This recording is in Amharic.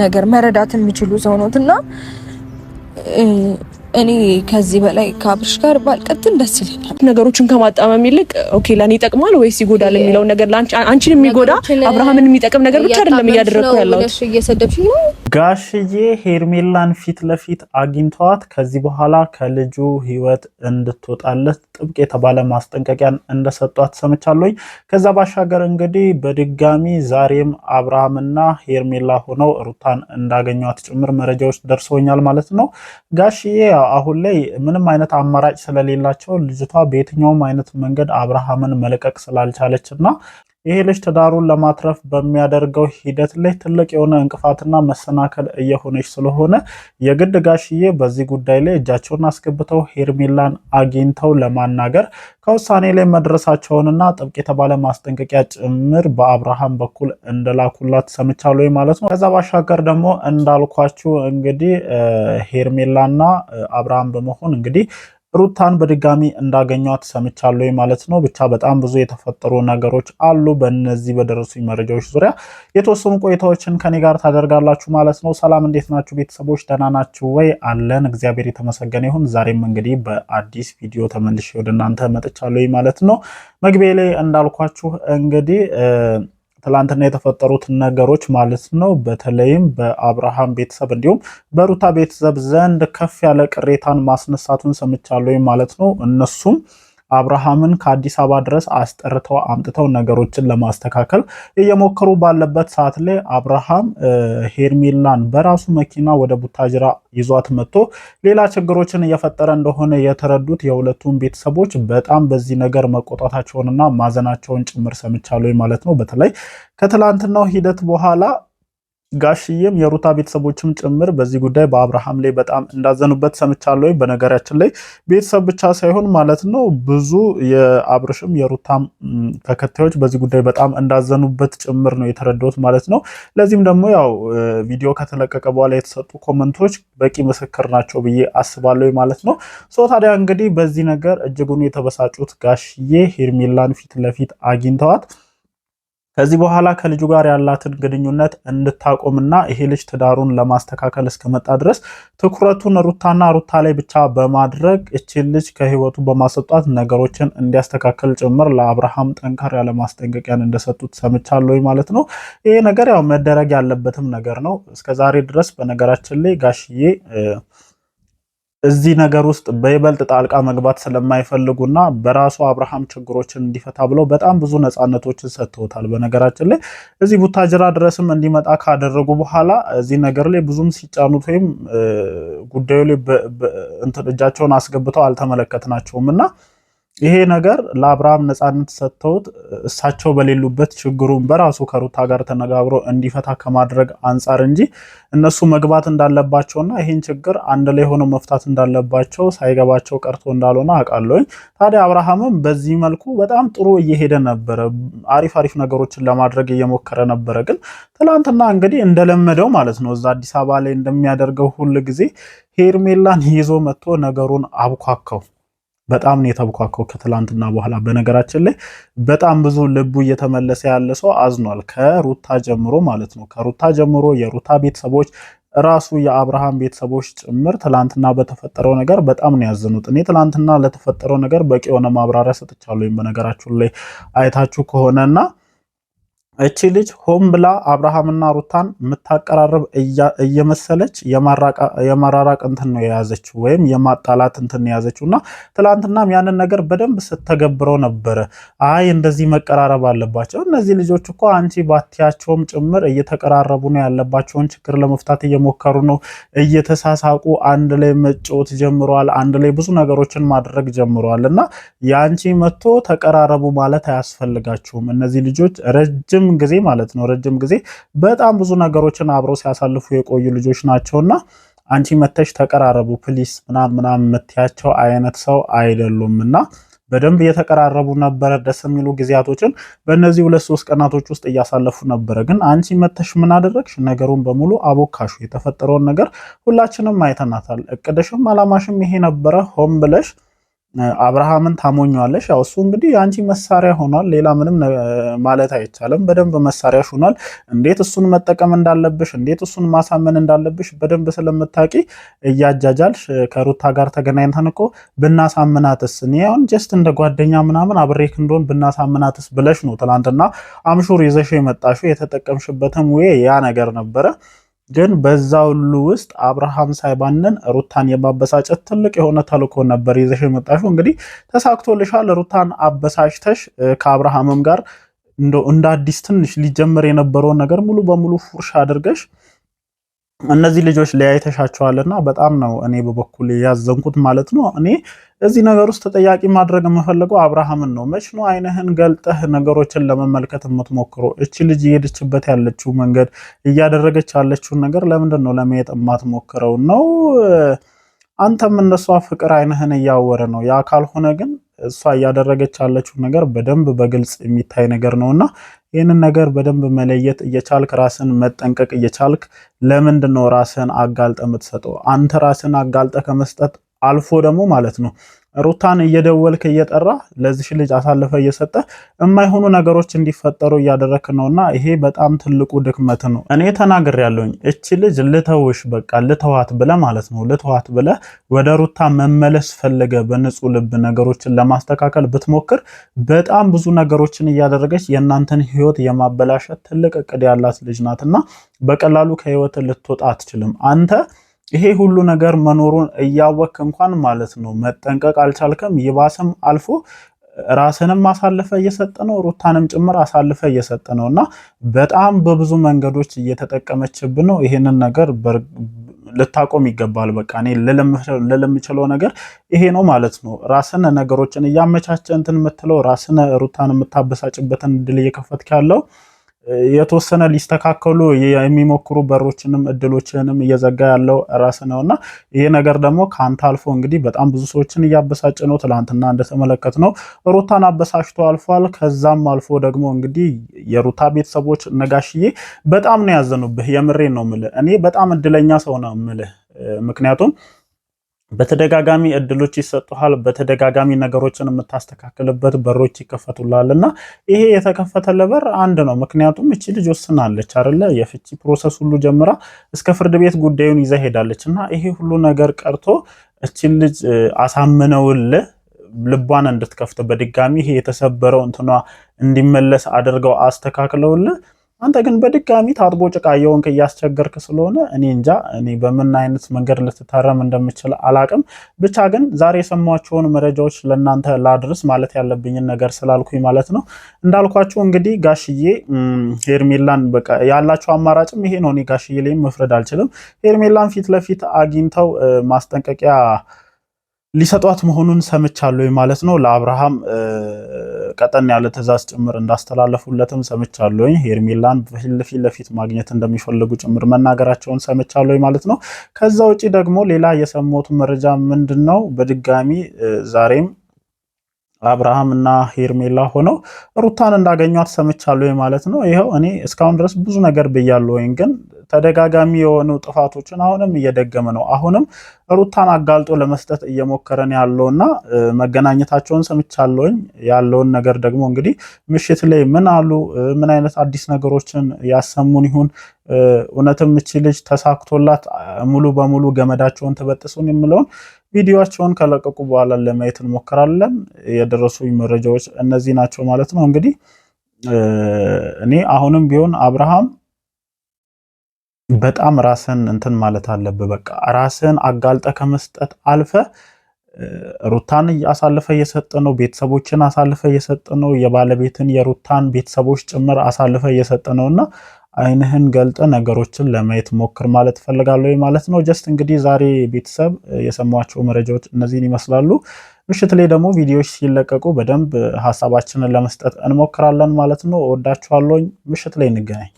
ነገር መረዳት የሚችሉ ሰው ነዎት እና እኔ ከዚህ በላይ ከአብርሽ ጋር ባልቀጥል ደስ ይለኛል። ነገሮችን ከማጣመም ይልቅ ኦኬ ለእኔ ይጠቅማል ወይስ ይጎዳል የሚለው ነገር አንቺን የሚጎዳ አብርሃምን የሚጠቅም ነገር ብቻ አይደለም እያደረግኩ ያለሁት። ጋሽዬ ሄርሜላን ፊት ለፊት አግኝተዋት ከዚህ በኋላ ከልጁ ህይወት እንድትወጣለት ጥብቅ የተባለ ማስጠንቀቂያን እንደሰጧት ሰምቻለሁኝ። ከዛ ባሻገር እንግዲህ በድጋሚ ዛሬም አብርሃምና ሄርሜላ ሆነው ሩታን እንዳገኟት ጭምር መረጃዎች ደርሰውኛል ማለት ነው ጋሽዬ አሁን ላይ ምንም አይነት አማራጭ ስለሌላቸው ልጅቷ በየትኛውም አይነት መንገድ አብርሃምን መልቀቅ ስላልቻለች እና ይሄ ልጅ ትዳሩን ለማትረፍ በሚያደርገው ሂደት ላይ ትልቅ የሆነ እንቅፋትና መሰናከል እየሆነች ስለሆነ የግድ ጋሽዬ በዚህ ጉዳይ ላይ እጃቸውን አስገብተው ሄርሜላን አግኝተው ለማናገር ከውሳኔ ላይ መድረሳቸውንና ጥብቅ የተባለ ማስጠንቀቂያ ጭምር በአብርሃም በኩል እንደላኩላት ሰምቻለሁ ማለት ነው። ከዛ ባሻገር ደግሞ እንዳልኳችሁ እንግዲህ ሄርሜላና አብርሃም በመሆን እንግዲህ ሩታን በድጋሚ እንዳገኟት ሰምቻለሁ ማለት ነው። ብቻ በጣም ብዙ የተፈጠሩ ነገሮች አሉ። በእነዚህ በደረሱኝ መረጃዎች ዙሪያ የተወሰኑ ቆይታዎችን ከኔ ጋር ታደርጋላችሁ ማለት ነው። ሰላም፣ እንዴት ናችሁ ቤተሰቦች? ደህና ናችሁ ወይ? አለን እግዚአብሔር የተመሰገነ ይሁን። ዛሬም እንግዲህ በአዲስ ቪዲዮ ተመልሼ ወደ እናንተ መጥቻለሁ ማለት ነው። መግቢያ ላይ እንዳልኳችሁ እንግዲህ ትላንትና የተፈጠሩትን ነገሮች ማለት ነው። በተለይም በአብርሃም ቤተሰብ እንዲሁም በሩታ ቤተሰብ ዘንድ ከፍ ያለ ቅሬታን ማስነሳቱን ሰምቻለሁ ማለት ነው። እነሱም አብርሃምን ከአዲስ አበባ ድረስ አስጠርተው አምጥተው ነገሮችን ለማስተካከል እየሞከሩ ባለበት ሰዓት ላይ አብርሃም ሄርሜላን በራሱ መኪና ወደ ቡታጅራ ይዟት መጥቶ ሌላ ችግሮችን እየፈጠረ እንደሆነ የተረዱት የሁለቱም ቤተሰቦች በጣም በዚህ ነገር መቆጣታቸውንና ማዘናቸውን ጭምር ሰምቻለሁ ማለት ነው። በተለይ ከትላንትናው ሂደት በኋላ ጋሽዬም የሩታ ቤተሰቦችም ጭምር በዚህ ጉዳይ በአብርሃም ላይ በጣም እንዳዘኑበት ሰምቻለሁ። በነገራችን ላይ ቤተሰብ ብቻ ሳይሆን ማለት ነው ብዙ የአብርሽም የሩታም ተከታዮች በዚህ ጉዳይ በጣም እንዳዘኑበት ጭምር ነው የተረዳሁት ማለት ነው። ለዚህም ደግሞ ያው ቪዲዮ ከተለቀቀ በኋላ የተሰጡ ኮመንቶች በቂ ምስክር ናቸው ብዬ አስባለሁ ማለት ነው። ሶ ታዲያ እንግዲህ በዚህ ነገር እጅጉን የተበሳጩት ጋሽዬ ሄርሜላን ፊት ለፊት አግኝተዋት ከዚህ በኋላ ከልጁ ጋር ያላትን ግንኙነት እንድታቆምና ይሄ ልጅ ትዳሩን ለማስተካከል እስከመጣ ድረስ ትኩረቱን ሩታና ሩታ ላይ ብቻ በማድረግ እቺን ልጅ ከህይወቱ በማስወጣት ነገሮችን እንዲያስተካከል ጭምር ለአብርሃም ጠንካር ያለ ማስጠንቀቂያን እንደሰጡት ሰምቻለሁ ማለት ነው። ይሄ ነገር ያው መደረግ ያለበትም ነገር ነው። እስከዛሬ ድረስ በነገራችን ላይ ጋሽዬ እዚህ ነገር ውስጥ በይበልጥ ጣልቃ መግባት ስለማይፈልጉና በራሱ አብርሃም ችግሮችን እንዲፈታ ብለው በጣም ብዙ ነፃነቶችን ሰጥተውታል። በነገራችን ላይ እዚህ ቡታጅራ ድረስም እንዲመጣ ካደረጉ በኋላ እዚህ ነገር ላይ ብዙም ሲጫኑት ወይም ጉዳዩ ላይ እጃቸውን አስገብተው አልተመለከትናቸውም እና ይሄ ነገር ለአብርሃም ነፃነት ሰጥተውት እሳቸው በሌሉበት ችግሩን በራሱ ከሩታ ጋር ተነጋግሮ እንዲፈታ ከማድረግ አንጻር እንጂ እነሱ መግባት እንዳለባቸውና ይህን ችግር አንድ ላይ ሆነው መፍታት እንዳለባቸው ሳይገባቸው ቀርቶ እንዳልሆነ አውቃለሁኝ። ታዲያ አብርሃምም በዚህ መልኩ በጣም ጥሩ እየሄደ ነበረ፣ አሪፍ አሪፍ ነገሮችን ለማድረግ እየሞከረ ነበረ። ግን ትናንትና እንግዲህ እንደለመደው ማለት ነው እዛ አዲስ አበባ ላይ እንደሚያደርገው ሁል ጊዜ ሄርሜላን ይዞ መጥቶ ነገሩን አብኳከው። በጣም ነው የተብኳከው ከትላንትና በኋላ። በነገራችን ላይ በጣም ብዙ ልቡ እየተመለሰ ያለ ሰው አዝኗል፣ ከሩታ ጀምሮ ማለት ነው። ከሩታ ጀምሮ የሩታ ቤተሰቦች ራሱ የአብርሃም ቤተሰቦች ጭምር ትላንትና በተፈጠረው ነገር በጣም ነው ያዘኑት። እኔ ትላንትና ለተፈጠረው ነገር በቂ የሆነ ማብራሪያ ሰጥቻለሁ። በነገራችሁ ላይ አይታችሁ ከሆነና እቺ ልጅ ሆን ብላ አብርሃምና ሩታን የምታቀራርብ እየመሰለች የማራራቅ እንትን ነው የያዘችው፣ ወይም የማጣላት እንትን የያዘችው እና ትላንትናም ያንን ነገር በደንብ ስተገብረው ነበረ። አይ እንደዚህ መቀራረብ አለባቸው እነዚህ ልጆች እኮ አንቺ ባትያቸውም ጭምር እየተቀራረቡ ነው፣ ያለባቸውን ችግር ለመፍታት እየሞከሩ ነው፣ እየተሳሳቁ አንድ ላይ መጫወት ጀምረዋል፣ አንድ ላይ ብዙ ነገሮችን ማድረግ ጀምረዋል እና የአንቺ መጥቶ ተቀራረቡ ማለት አያስፈልጋችሁም። እነዚህ ልጆች ረጅም ጊዜ ማለት ነው ረጅም ጊዜ በጣም ብዙ ነገሮችን አብረው ሲያሳልፉ የቆዩ ልጆች ናቸውና አንቺ መተሽ ተቀራረቡ ፕሊስ ምናም ምናም የምትያቸው አይነት ሰው አይደሉም እና በደንብ እየተቀራረቡ ነበረ። ደስ የሚሉ ጊዜያቶችን በእነዚህ ሁለት ሶስት ቀናቶች ውስጥ እያሳለፉ ነበረ። ግን አንቺ መተሽ ምን አደረግሽ? ነገሩን በሙሉ አቦካሹ። የተፈጠረውን ነገር ሁላችንም አይተናታል። እቅድሽም አላማሽም ይሄ ነበረ ሆም ብለሽ አብርሃምን ታሞኛለሽ። ያው እሱ እንግዲህ አንቺ መሳሪያ ሆኗል። ሌላ ምንም ማለት አይቻልም። በደንብ መሳሪያ ሆኗል። እንዴት እሱን መጠቀም እንዳለብሽ፣ እንዴት እሱን ማሳመን እንዳለብሽ በደንብ ስለምታቂ እያጃጃልሽ ከሩታ ጋር ተገናኝተን እኮ ብናሳምናትስ፣ እኔ አሁን ጀስት እንደ ጓደኛ ምናምን አብሬክ እንደሆን ብናሳምናትስ ብለሽ ነው ትላንትና አምሹር ይዘሽ የመጣሽው። የተጠቀምሽበትም ወይ ያ ነገር ነበረ። ግን በዛ ሁሉ ውስጥ አብርሃም ሳይባንን ሩታን የማበሳጨት ትልቅ የሆነ ተልኮ ነበር ይዘሽ የመጣሽው። እንግዲህ ተሳክቶልሻል። ሩታን አበሳጭተሽ ከአብርሃምም ጋር እንደ አዲስ ትንሽ ሊጀመር የነበረውን ነገር ሙሉ በሙሉ ፉርሽ አድርገሽ እነዚህ ልጆች ለያይተሻቸዋልና በጣም ነው እኔ በበኩል ያዘንኩት ማለት ነው። እኔ እዚህ ነገር ውስጥ ተጠያቂ ማድረግ የምፈልገው አብርሃምን ነው። መች ነው ዓይንህን ገልጠህ ነገሮችን ለመመልከት የምትሞክሮ? እች ልጅ እየሄደችበት ያለችው መንገድ እያደረገች ያለችውን ነገር ለምንድን ነው ለመየጥ የማትሞክረው ነው? አንተም እነሷ ፍቅር አይነህን እያወረ ነው። ያ ካልሆነ ግን እሷ እያደረገች ያለችው ነገር በደንብ በግልጽ የሚታይ ነገር ነውና ይህንን ነገር በደንብ መለየት እየቻልክ ራስን መጠንቀቅ እየቻልክ ለምንድን ነው ራስን አጋልጠ የምትሰጠው? አንተ ራስን አጋልጠ ከመስጠት አልፎ ደግሞ ማለት ነው ሩታን እየደወልክ እየጠራ ለዚሽ ልጅ አሳልፈ እየሰጠ የማይሆኑ ነገሮች እንዲፈጠሩ እያደረክ ነውና ይሄ በጣም ትልቁ ድክመት ነው። እኔ ተናግር ያለውኝ እቺ ልጅ ልተውሽ በቃ ልተዋት ብለ ማለት ነው ልተዋት ብለ ወደ ሩታ መመለስ ፈለገ በንጹህ ልብ ነገሮችን ለማስተካከል ብትሞክር በጣም ብዙ ነገሮችን እያደረገች የእናንተን ህይወት የማበላሸት ትልቅ እቅድ ያላት ልጅ ናትና በቀላሉ ከህይወት ልትወጣ አትችልም አንተ ይሄ ሁሉ ነገር መኖሩን እያወክ እንኳን ማለት ነው መጠንቀቅ አልቻልክም። ይባስም አልፎ ራስንም አሳልፈ እየሰጠ ነው፣ ሩታንም ጭምር አሳልፈ እየሰጠ ነው እና በጣም በብዙ መንገዶች እየተጠቀመችብ ነው። ይሄንን ነገር ልታቆም ይገባል። በቃ እኔ ልል ነገር ይሄ ነው ማለት ነው። ራስን ነገሮችን እያመቻቸ እንትን የምትለው ራስን ሩታን የምታበሳጭበትን እድል እየከፈትክ ያለው የተወሰነ ሊስተካከሉ የሚሞክሩ በሮችንም እድሎችንም እየዘጋ ያለው ራስ ነው እና ይሄ ነገር ደግሞ ከአንተ አልፎ እንግዲህ በጣም ብዙ ሰዎችን እያበሳጭ ነው። ትላንትና እንደተመለከት ነው ሩታን አበሳሽቶ አልፏል። ከዛም አልፎ ደግሞ እንግዲህ የሩታ ቤተሰቦች ነጋሽዬ በጣም ነው ያዘኑብህ። የምሬን ነው ምልህ እኔ በጣም እድለኛ ሰው ነው ምልህ ምክንያቱም በተደጋጋሚ እድሎች ይሰጡሃል። በተደጋጋሚ ነገሮችን የምታስተካክልበት በሮች ይከፈቱላል እና ይሄ የተከፈተለ በር አንድ ነው። ምክንያቱም እቺ ልጅ ወስናለች አይደለ? የፍቺ ፕሮሰስ ሁሉ ጀምራ እስከ ፍርድ ቤት ጉዳዩን ይዛ ሄዳለች እና ይሄ ሁሉ ነገር ቀርቶ እቺ ልጅ አሳምነውል ልቧን እንድትከፍት በድጋሚ ይሄ የተሰበረው እንትኗ እንዲመለስ አድርገው አስተካክለውልህ አንተ ግን በድጋሚ ታጥቦ ጭቃ የሆንክ እያስቸገርክ ስለሆነ እኔ እንጃ እኔ በምን አይነት መንገድ ልትታረም እንደምችል አላቅም። ብቻ ግን ዛሬ የሰማቸውን መረጃዎች ለእናንተ ላድርስ ማለት ያለብኝን ነገር ስላልኩኝ ማለት ነው። እንዳልኳችሁ እንግዲህ ጋሽዬ ሄርሜላን በቃ ያላቸው አማራጭም ይሄ ነው። እኔ ጋሽዬ ላይም መፍረድ አልችልም። ሄርሜላን ፊት ለፊት አግኝተው ማስጠንቀቂያ ሊሰጧት መሆኑን ሰምቻለሁ ማለት ነው። ለአብርሃም ቀጠን ያለ ትዕዛዝ ጭምር እንዳስተላለፉለትም ሰምቻለሁኝ። ሄርሜላን ፊት ለፊት ማግኘት እንደሚፈልጉ ጭምር መናገራቸውን ሰምቻለሁ ማለት ነው። ከዛ ውጪ ደግሞ ሌላ የሰሞቱ መረጃ ምንድን ነው? በድጋሚ ዛሬም አብርሃም እና ሄርሜላ ሆነው ሩታን እንዳገኟት ሰምቻለሁ ማለት ነው። ይኸው እኔ እስካሁን ድረስ ብዙ ነገር ብያለሁኝ፣ ግን ተደጋጋሚ የሆኑ ጥፋቶችን አሁንም እየደገመ ነው። አሁንም ሩታን አጋልጦ ለመስጠት እየሞከረን ያለውና መገናኘታቸውን ሰምቻለሁኝ። ያለውን ነገር ደግሞ እንግዲህ ምሽት ላይ ምን አሉ፣ ምን አይነት አዲስ ነገሮችን ያሰሙን ይሁን እውነትም እቺ ልጅ ተሳክቶላት ሙሉ በሙሉ ገመዳቸውን ተበጥሱን የምለውን ቪዲዮቸውን ከለቀቁ በኋላ ለማየት እንሞክራለን። የደረሱኝ መረጃዎች እነዚህ ናቸው ማለት ነው። እንግዲህ እኔ አሁንም ቢሆን አብርሃም በጣም ራስን እንትን ማለት አለብህ። በቃ ራስን አጋልጠ ከመስጠት አልፈ ሩታን አሳልፈ እየሰጠ ነው። ቤተሰቦችን አሳልፈ እየሰጠ ነው። የባለቤትን የሩታን ቤተሰቦች ጭምር አሳልፈ እየሰጠ ነው እና አይንህን ገልጠ ነገሮችን ለማየት ሞክር ማለት እፈልጋለሁ ማለት ነው። ጀስት እንግዲህ ዛሬ ቤተሰብ የሰማቸው መረጃዎች እነዚህን ይመስላሉ። ምሽት ላይ ደግሞ ቪዲዮዎች ሲለቀቁ በደንብ ሀሳባችንን ለመስጠት እንሞክራለን ማለት ነው። እወዳችኋለሁ። ምሽት ላይ እንገናኝ።